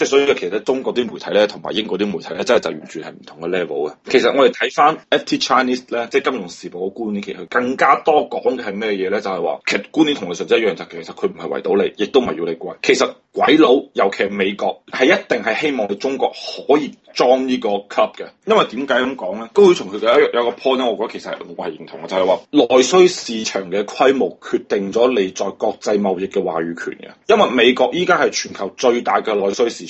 即所以，其實中國啲媒體咧，同埋英國啲媒體咧，真係就完全係唔同嘅 level 嘅。其實我哋睇翻 FT Chinese 咧，即係《金融時報》嘅觀點，其實更加多講嘅係咩嘢咧？就係話，其實觀點同你實際一樣，就其實佢唔係圍到你，亦都唔係要你貴。其實鬼佬，尤其係美國，係一定係希望你中國可以裝呢個 c 嘅，因為點解咁講咧？高崇佢有一有個 point 咧，我覺得其實係我係認同嘅，就係話內需市場嘅規模決定咗你在國際貿易嘅話語權嘅。因為美國依家係全球最大嘅內需市場。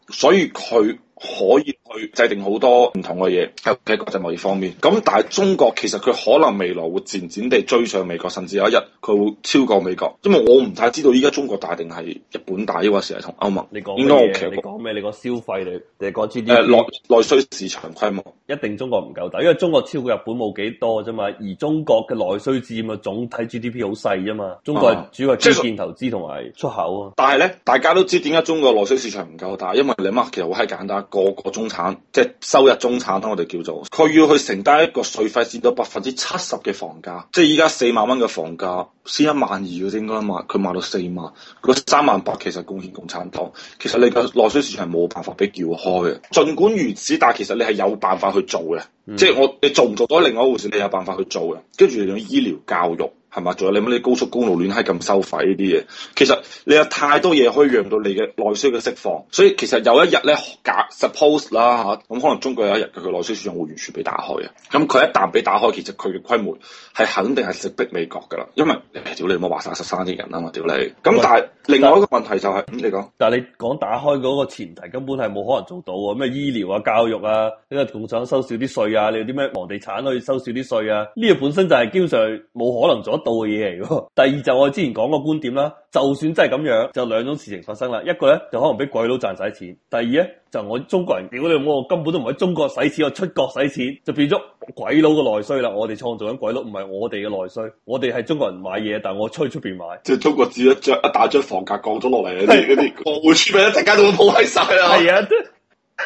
所以佢可以去制定好多唔同嘅嘢喺國際貿易方面。咁但係中國其實佢可能未來會漸漸地追上美國，甚至有一日佢會超過美國，因為我唔太知道依家中國大定係日本大抑或成日同歐盟。你講嘅嘢，你講咩？你講消費你你講 GDP？內內需市場規模一定中國唔夠大，因為中國超過日本冇幾多啫嘛。而中國嘅內需佔嘅總體 GDP 好細啫嘛。中國主要係基建投資同埋出口啊。啊但係咧，大家都知點解中國內需市場唔夠大，因為你乜？其實好係簡單，個個中產即係收入中產啦、啊，我哋叫做佢要去承擔一個稅費，佔到百分之七十嘅房價，即係依家四萬蚊嘅房價，先一萬二嘅應該買，佢買到四萬，個三萬八其實貢獻共產黨。其實你嘅內需市場係冇辦法俾撬開嘅，儘管如此，但係其實你係有辦法去做嘅，嗯、即係我你做唔做到另外一回事，你有辦法去做嘅，跟住用醫療教育。係嘛？仲有你乜啲高速公路亂閪咁收費呢啲嘢？其實你有太多嘢可以讓到你嘅內需嘅釋放。所以其實有一日咧，假 suppose 啦嚇，咁可能中國有一日佢嘅內需市場會完全被打開嘅。咁佢一旦俾打開，其實佢嘅規模係肯定係直逼美國㗎啦。因為屌你冇話晒十三億人啊嘛，屌你！咁但係另外一個問題就係咁你講，但係你講打開嗰個前提根本係冇可能做到啊！咩醫療啊、教育啊，呢個共產收少啲稅啊，你啲咩房地產可以收少啲稅啊？呢個本身就係基本上冇可能做到嘅嘢嚟嘅。 第二就我之前講個觀點啦，就算真係咁樣，就兩種事情發生啦。一個咧就可能俾鬼佬賺晒錢，第二咧就我中國人屌你，我根本都唔喺中國使錢，我出國使錢，就變咗鬼佬嘅內需啦。我哋創造緊鬼佬，唔係我哋嘅內需，我哋係中國人買嘢，但我出去出邊買。即係中國只一張一大張房價降咗落嚟嗰啲嗰啲，我唔知咩，一陣間都會鋪喺晒啦。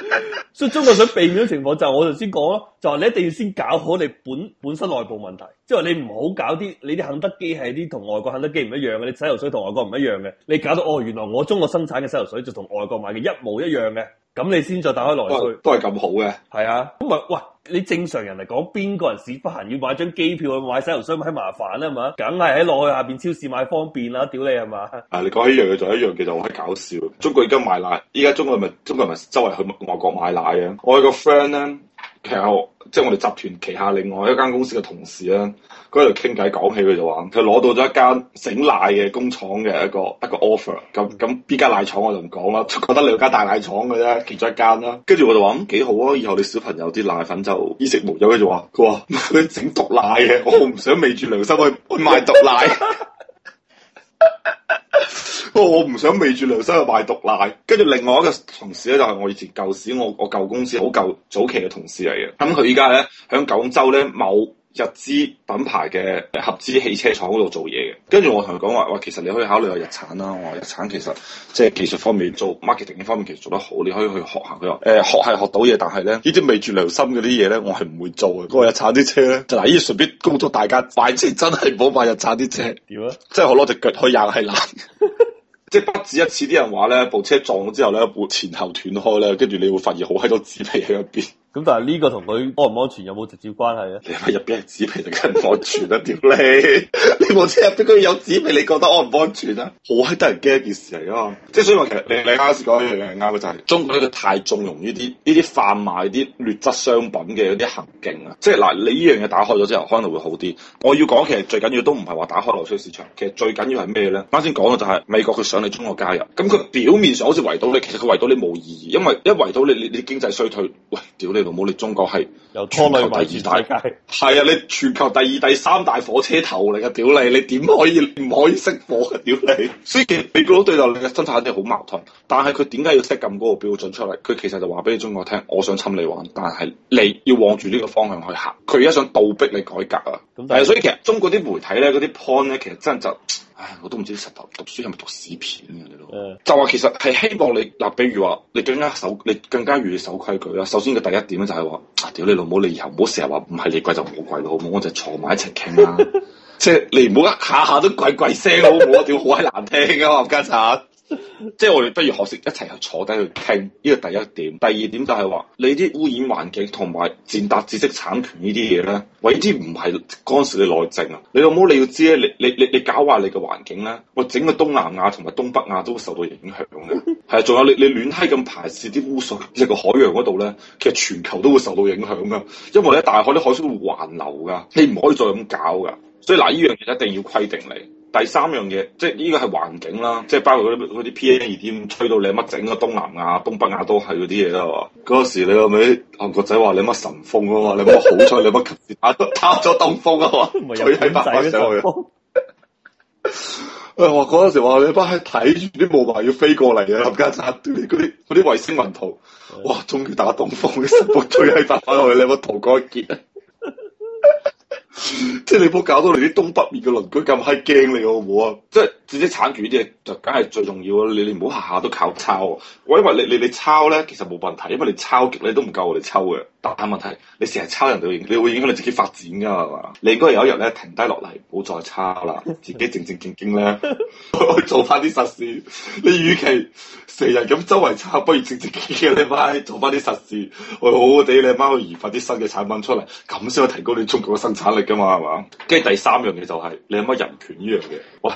所以中國想避免嘅情況就係，我就先講咯，就話、是就是、你一定要先搞好你本本身內部問題，即係話你唔好搞啲你啲肯德基係啲同外國肯德基唔一樣嘅，你洗頭水同外國唔一樣嘅，你搞到哦，原來我中國生產嘅洗頭水就同外國買嘅一模一樣嘅。咁你先再打開來去，都係咁好嘅。係啊，咁咪喂，你正常人嚟講，邊個人屎忽閒要買張機票去買洗頭水，太麻煩啦，係嘛？梗係喺落去下邊超市買方便啦，屌你係嘛？啊，你講起一樣嘢就一樣嘢，就好閪搞笑。中國而家買奶，依家中國係咪中國係咪周圍去外國買奶啊！我有個 friend 咧。其實即係我哋集團旗下另外一間公司嘅同事啦，佢喺度傾偈講起佢就話，佢攞到咗一間整奶嘅工廠嘅一個一個 offer。咁咁邊間奶廠我就唔講啦，覺得你有間大奶廠嘅啫，其中一間啦。跟住我就話咁幾好啊，以後你小朋友啲奶粉就衣食無憂。佢就話佢話佢整毒奶嘅，我唔想昧住良心去賣毒奶。 哦、我不我唔想昧住良心去賣毒奶，跟住另外一個同事咧就係、是、我以前舊時我我舊公司好舊，司舊早期嘅同事嚟嘅，咁佢依家咧喺廣州咧某日資品牌嘅合資汽車廠嗰度做嘢嘅，跟住我同佢講話話其實你可以考慮下日產啦，我話日產其實即係技術方面做 marketing 呢方面其實做得好，你可以去學下佢話。誒、呃、學係學到嘢，但係咧呢啲昧住良心嗰啲嘢咧，我係唔會做嘅。嗰日產啲車咧，嗱依、啊、順便告訴大家，反正真係唔好買日產啲車。點啊？即係我攞隻腳去又係難。 即不止一次啲人話咧，部車撞咗之後咧，部前後斷開咧，跟住你會發現好閪多紙皮喺入邊。咁但係呢個同佢安唔安全有冇直接關係咧？你係咪入邊係紙皮，就跟唔安全啊？屌 你，你部車入邊居然有紙皮，你覺得安唔安全啫、啊？好閪得人驚一件事嚟啊嘛！即係所以話其實、嗯、你你啱先講一樣嘢啱嘅就係，中國佢太縱容呢啲呢啲販賣啲劣質商品嘅嗰啲行徑啦、啊。即係嗱，你呢樣嘢打開咗之後可能會好啲。我要講其實最緊要都唔係話打開流通市場，其實最緊要係咩咧？啱先講嘅就係美國佢想你中國加入，咁佢表面上好似圍到你，其實佢圍到你冇意義，因為一圍到你你你經濟衰退，喂，屌你！有冇你，中國係全球第二大，係啊！你全球第二、第三大火車頭嚟嘅，屌你！你點可以唔可以熄火嘅、啊、屌你！所以其實美國對頭嘅生產一定好矛盾，但係佢點解要 set 咁高個標準出嚟？佢其實就話俾你中國聽，我想侵你玩，但係你要往住呢個方向去行，佢而家想倒逼你改革啊！但係所以其實中國啲媒體咧，嗰啲 point 咧，其實真係就。唉，我都唔知實頭讀書係咪讀屎片嘅、啊、你咯， 就話其實係希望你嗱，比如話你更加守，你更加願意守規矩啦。首先嘅第一點咧就係話，屌你老母，你以後唔好成日話唔係你貴就唔好貴咯，你貴貴好唔好？我就坐埋一齊傾啦， 即係你唔好一下下都鬼鬼聲，好唔好屌好鬼難聽啊！冚家鏟。即係我哋不如學識一齊又坐低去傾，呢個第一點，第二點就係話你啲污染環境同埋踐踏知識產權呢啲嘢咧，總之啲唔係干涉你內政啊！你有冇你要知咧？你你你你搞壞你嘅環境咧，我整個東南亞同埋東北亞都會受到影響嘅。係仲 有你你亂閪咁排泄啲污水入個海洋嗰度咧，其實全球都會受到影響噶，因為咧大海啲海水會環流噶，你唔可以再咁搞噶。所以嗱，呢樣嘢一定要規定你。第三樣嘢，即係呢個係環境啦，即係包括嗰啲啲 P M 二點五吹到你乜整啊，東南亞、東北亞都係嗰啲嘢啦喎。嗰 時你有冇啲韓國仔話你乜神風啊嘛？你乜好彩你乜及時打打咗東風啊嘛？ 吹喺白海上去我話嗰陣時話你乜係睇住啲霧霾要飛過嚟啊！冚家扎，嗰啲啲嗰衛星雲圖，哇！終於打東風，神風，吹喺白海去，你乜逃過一劫。 即係你唔好搞到你啲東北面嘅鄰居咁閪驚你好唔好啊？即係自己鏟住啲嘢就梗係最重要咯。你你唔好下下都靠抄啊！我以為你你你抄咧其實冇問題，因為你抄極咧都唔夠我哋抽嘅。但問題，你成日抄人哋，你會影響你自己發展㗎嘛？係嘛？你應該有一日咧停低落嚟，唔好再抄啦，自己靜靜靜靜咧 做翻啲實事。你與其成日咁周圍抄，不如靜靜靜，靜你咧，做翻啲實事，我好好地咧，幫去研發啲新嘅產品出嚟，咁先可提高你中國嘅生產力㗎嘛？係嘛？跟住 第三樣嘢就係、是、你有乜人權呢樣嘢？喂，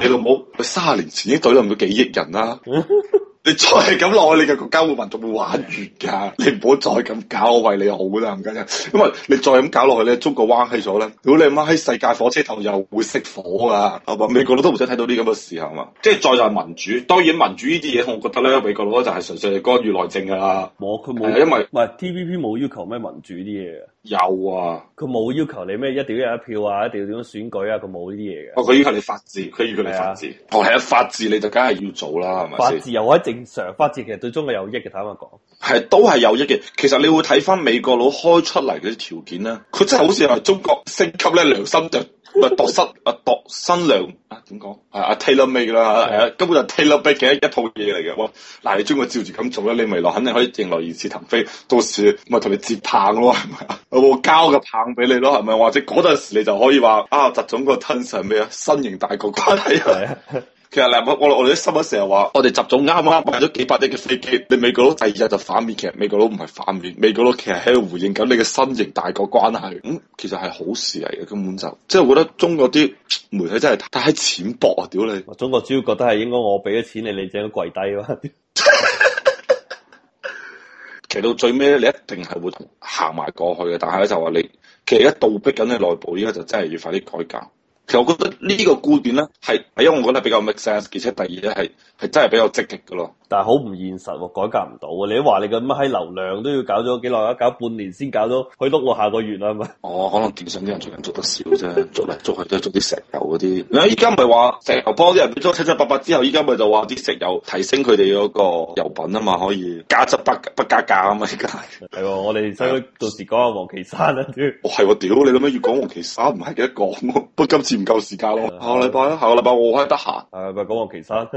你老母，卅年前已經隊冧到幾億人啦。 你再係咁落去，你嘅國家嘅民族會玩完噶。你唔好再咁搞，我為你好啦，唔緊要。因為你再咁搞落去咧，觸個彎喺咗咧。如果你咁喺世界火車頭，又會熄火啊！啊美國佬都唔使睇到啲咁嘅事，係嘛？即係再就係民主。當然民主呢啲嘢，我覺得咧，美國佬咧就係純粹係干預內政㗎啦。冇，佢冇，因為唔係 TVB 冇要求咩民主啲嘢。有啊，佢冇要求你咩一定要有一票啊，一定要點樣選舉啊，佢冇呢啲嘢嘅。哦，佢要求你法治，佢要求你法治，哦、啊，係啊，法治你就梗係要做啦，係咪？法治又我喺正常，法治其實對中國有益嘅，坦白講。係都係有益嘅。其實你會睇翻美國佬開出嚟嘅條件咧，佢真係好似係中國升級咧良心嘅， 度失啊度身良啊點講啊阿 Taylor Made 啦，係的根本就 Taylor Made 嘅一套嘢嚟嘅。嗱你中國照住咁做咧，你未來肯定可以迎來二次騰飛，Gerilim, 到時咪同你接棒咯，係 咪我交個棒俾你咯，係咪？或者嗰陣時你就可以話啊習總個 Tun 係咩啊？新型大國關係啊的！其實我我哋啲新聞成日話，我哋集咗啱啱買咗幾百億嘅飛機，你美國佬第二日就反面。其實美國佬唔係反面，美國佬其實喺度回應緊你嘅新型大國關係，咁、嗯、其實係好事嚟嘅。根本就即係我覺得中國啲媒體真係太淺薄啊！屌你，中國主要覺得係應該我俾咗錢你，你只要跪低咯。 其實到最尾咧，你一定係會行埋過去嘅，但係咧就話你其實依家倒逼緊你內部，依家就真係要快啲改革。我覺得這個呢個觀點咧，係係因為我覺得比較 make sense，而且第二咧係係真係比較積極嘅咯。但係好唔現實，改革唔到喎。你話你咁閪流量都要搞咗幾耐啊？搞半年先搞到，去碌喎下個月啊嘛。哦，可能電信啲人最近做得少啫， 做嚟做去都係做啲石油嗰啲。你依家咪話石油幫啲人變咗七七八八之後，依家咪就話啲石油提升佢哋嗰個油品啊嘛，可以加質不不加價啊嘛，依家。係、 哦、我哋想到時講下王岐山啦。我係喎，屌你諗咩要講王岐山？唔係幾得講，不過今次唔夠時間咯。下個禮拜啦，下個禮拜我開得閒。係咪講王岐山？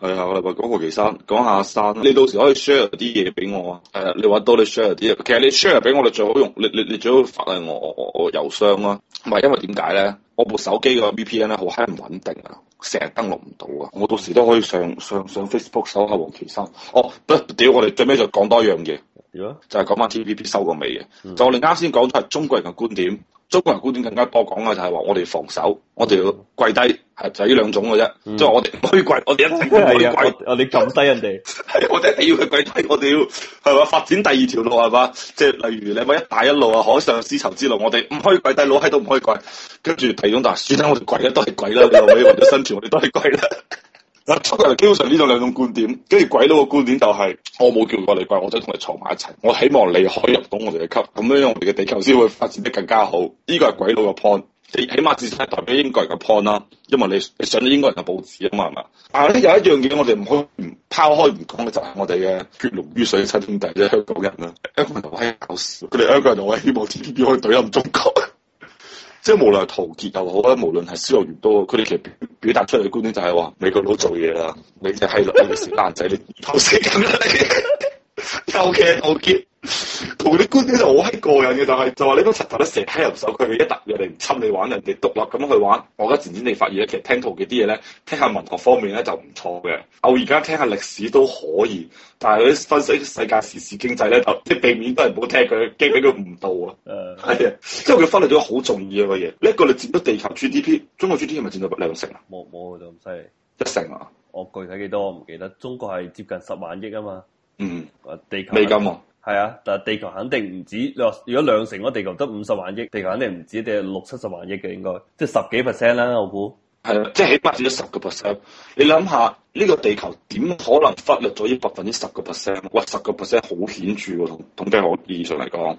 係啊，我哋話講個其山，講下阿生，你到時可以 share 啲嘢畀我啊。誒，你話多你 share 啲嘢，其實你 share 俾我哋最好用，你你你最好發係我我我我郵箱啊，唔係因為點解咧？我部手機個 VPN 咧好閪唔穩定啊，成日登錄唔到啊。我到時都可以上上上 Facebook 搜下黃岐生。哦，不，屌我哋最尾就講多一樣嘢。就係講翻 TPP 收個尾嘅，嗯、就我哋啱先講出係中國人嘅觀點，中國人觀點更加多講嘅就係話我哋防守，我哋要跪低，係就係呢兩種嘅啫，即係我哋唔可以跪，我哋一定唔可以跪，啊你撳低人哋，係我哋一定要佢跪低，我哋 要係咪發展第二條路係咪？即係、就是、例如你咪一帶一路啊，海上絲綢之路，我哋唔可以跪低，老閪都唔可以跪，跟住第二種就係，算啦，我哋跪啦，都係跪啦，你又可以為咗生存，我哋都係跪啦。 嗱，出人基本上呢種兩種觀點，跟住鬼佬嘅觀點就係、是，我冇叫過你怪，我想同你坐埋一齊，我希望你可以入到我哋嘅級，咁樣我哋嘅地球先會發展得更加好。呢、這個係鬼佬嘅 point，你起碼自身係代表英國人嘅 point 啦，因為你你上咗英國人嘅報紙啊嘛，係嘛？但係有一樣嘢我哋唔可以唔拋開唔講嘅，就係、是、我哋嘅血濃於水嘅親兄弟即係、就是、香港人啦，香港人我閪搞笑，佢哋香港人就話希望 TVB 可以懟音中國。即係無論係陶傑又好，無論係銷售員多，佢哋其實表達出嚟嘅觀點就係話：美國佬做嘢啦， 你隻閪佬，你小爛仔，你偷食咁 Okay, okay. 就 k 陶傑同啲觀點就好閪個人嘅，但係就話你都石頭咧成日喺入手佢，一突入嚟唔侵你玩，人哋獨立咁去玩。我而家漸漸地發現咧，其實聽陶傑啲嘢咧，聽下文學方面咧就唔錯嘅。我而家聽下歷史都可以，但係佢分析世界時事經濟咧就即係避免都係唔好聽佢，驚俾佢誤導啊。誒、uh,，係啊，即係佢忽略咗好重要嘅嘢。呢一個你佔到地球 GDP，中國 GDP 係咪佔到兩成啊？冇冇就咁犀利一成啊？我具體幾多我唔記得，中國係接近十萬億啊嘛。嗯，地球未夠，係啊，但係地球肯定唔、啊啊、止。你話如果兩成個地球得五十萬億，地球肯定唔止，定係六七十萬億嘅應該，即係十幾 percent 啦。我估係啊，即係起碼佔咗十個 percent。嗯、你諗下呢、這個地球點可能忽略咗呢百分之十個 percent？哇，十個 percent 好顯著喎、啊，同統計學意義上嚟講，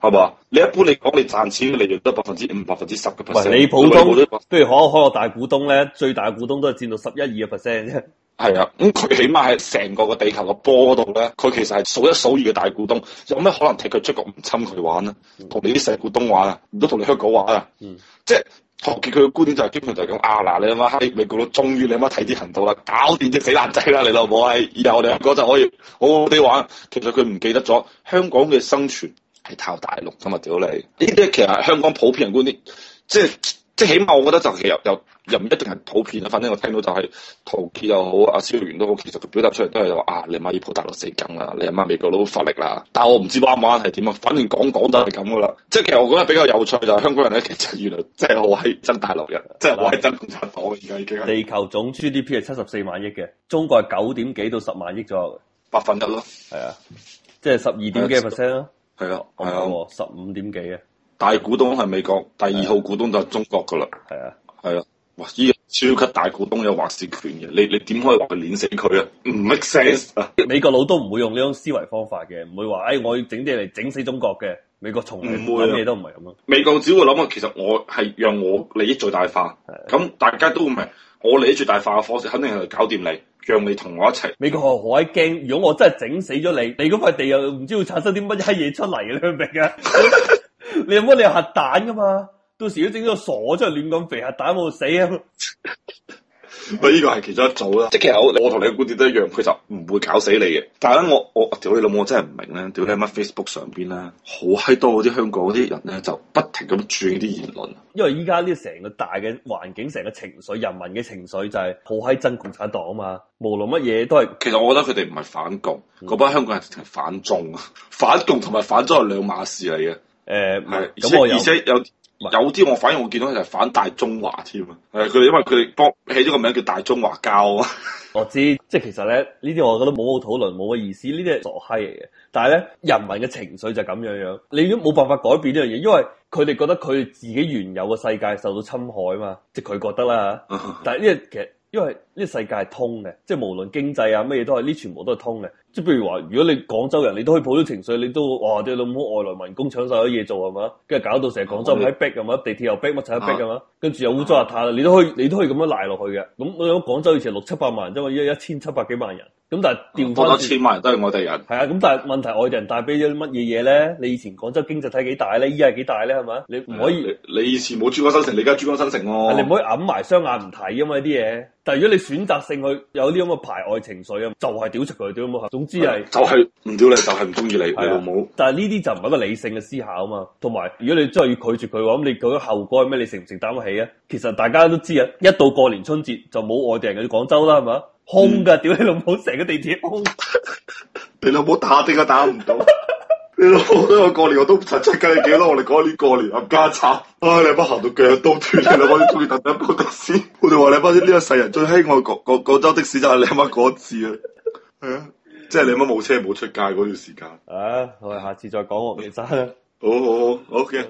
係嘛、嗯？你一般你講你賺錢嘅利潤得百分之五、百分之十個 percent。嗯、你普通，譬如可可大股東咧，最大股東都係佔到十一二個 percent 啫。 係啊，咁佢起碼係成個個地球嘅波度咧，佢其實係數一數二嘅大股東，有咩可能踢佢出局唔侵佢玩咧？同你啲細股東玩啊，唔都同你香港玩，mm hmm. 啊？嗯，即係學傑佢嘅觀點就係，基本上就係咁啊！嗱，你阿媽閪，美國佬終於你阿媽睇啲行動啦，搞掂啲死爛仔啦！你老母係以後我哋香港就可以好好地玩。其實佢唔記得咗香港嘅生存係靠大陸噶嘛？屌你！呢啲其實係香港普遍觀點，即係即係起碼我覺得就其實有。又唔一定係普遍啊。反正我聽到就係陶傑又好，阿蕭源都好。其實佢表達出嚟都係話：啊，你阿媽要普大陸死梗啊，你阿媽美國佬發力啦。但係我唔知灣灣係點啊。反正講講都係咁噶啦。即係其實我覺得比較有趣就係香港人咧，其實原來即係我係真大陸人，即係我係真共產黨嘅。而家地球總 G D P 係七十四萬億嘅，中國係九點幾到十萬億左右，百分一咯，係啊，即係十二點幾 percent 咯，係啊，係啊，十五點幾啊。大股東係美國，第二號股東就係中國噶啦，係啊，係啊。依超級大股東有話事權嘅，你你點可以話佢碾死佢啊？唔 make sense 啊！美國佬都唔會用呢種思維方法嘅，唔會話誒我要整啲嚟整死中國嘅。美國從來唔會，乜嘢都唔係咁咯。美國只會諗啊，其實我係讓我利益最大化，咁大家都唔明，我利益最大化嘅方式，肯定係搞掂你，讓你同我一齊。美國我好鬼驚，如果我真係整死咗你，你嗰塊地又唔知會產生啲乜閪嘢出嚟嘅，你明唔明啊？你有冇你係核彈噶嘛？到時都整到傻，真係亂咁肥黑打冇死啊！咪呢個係其中一組啦，即其實我同你嘅觀點都一樣，佢就唔會搞死你嘅。但係咧，我我屌你老母，我真係唔明咧，屌你乜 Facebook 上邊咧，好閪多嗰啲香港嗰啲人咧，就不停咁傳啲言論。因為依家呢成個大嘅環境，成個情緒，人民嘅情緒就係好閪憎共產黨嘛。無論乜嘢都係，其實我覺得佢哋唔係反共，嗰班香港人係反中，啊。反共同埋反中係兩碼事嚟嘅。誒，唔係咁，我有。而且有有啲我反而我見到係反大中華添啊，誒佢哋因為佢哋幫起咗個名叫大中華膠啊， 我知即係其實咧，呢啲我覺得冇好討論，冇乜意思，呢啲係傻閪嚟嘅。但係咧，人民嘅情緒就咁樣樣，你都冇辦法改變呢樣嘢，因為佢哋覺得佢自己原有嘅世界受到侵害啊嘛，即係佢覺得啦 但係呢個其實。因為呢個世界係通嘅，即係無論經濟啊咩嘢都係，呢全部都係通嘅。即係譬如話，如果你廣州人，你都可以抱咗情緒，你都哇啲老母外來民工搶晒啲嘢做係嘛，跟住搞到成日廣州唔喺逼係嘛，地鐵又逼，乜柒都逼係嘛，跟住又污糟邋遢，你都可以你都可以咁樣賴落去嘅。咁我諗廣州以前六七百萬而因為依家一千七百幾萬人。咁但係掉翻多千萬人都係外地人，係啊，咁但係問題外地人帶俾咗乜嘢嘢咧？你以前廣州經濟體幾大咧？依家係幾大咧？係咪？你唔可以，哎，你以前冇珠江新城，你而家珠江新城咯。你唔可以揞埋雙眼唔睇啊嘛！呢啲嘢，但係如果你選擇性去有啲咁嘅排外情緒啊，就係、是、屌出佢屌冇，總之係就係唔屌你，就係唔中意你嘅老母。啊哦、但係呢啲就唔係一個理性嘅思考啊嘛，同埋如果你真係要拒絕佢嘅話，咁你究竟後果係咩？你承唔承擔得起啊？其實大家都知啊，一到過年春節就冇外地人嚟廣州啦，係嘛？空噶，屌、嗯、你老母，成個地鐵空，你老母打的啊打唔到？你老母我過年我都唔出街，你記得我哋過年過年冚家鏟，唉、哎、你媽行到腳都斷你啦，我啲中意特登包的士，我哋話你媽呢個世人最希罕廣廣廣州的士就係你媽嗰次啊，係啊，即係你媽冇車冇出街嗰段時間啊，我哋下次再講我哋揸啦，好好好，OK。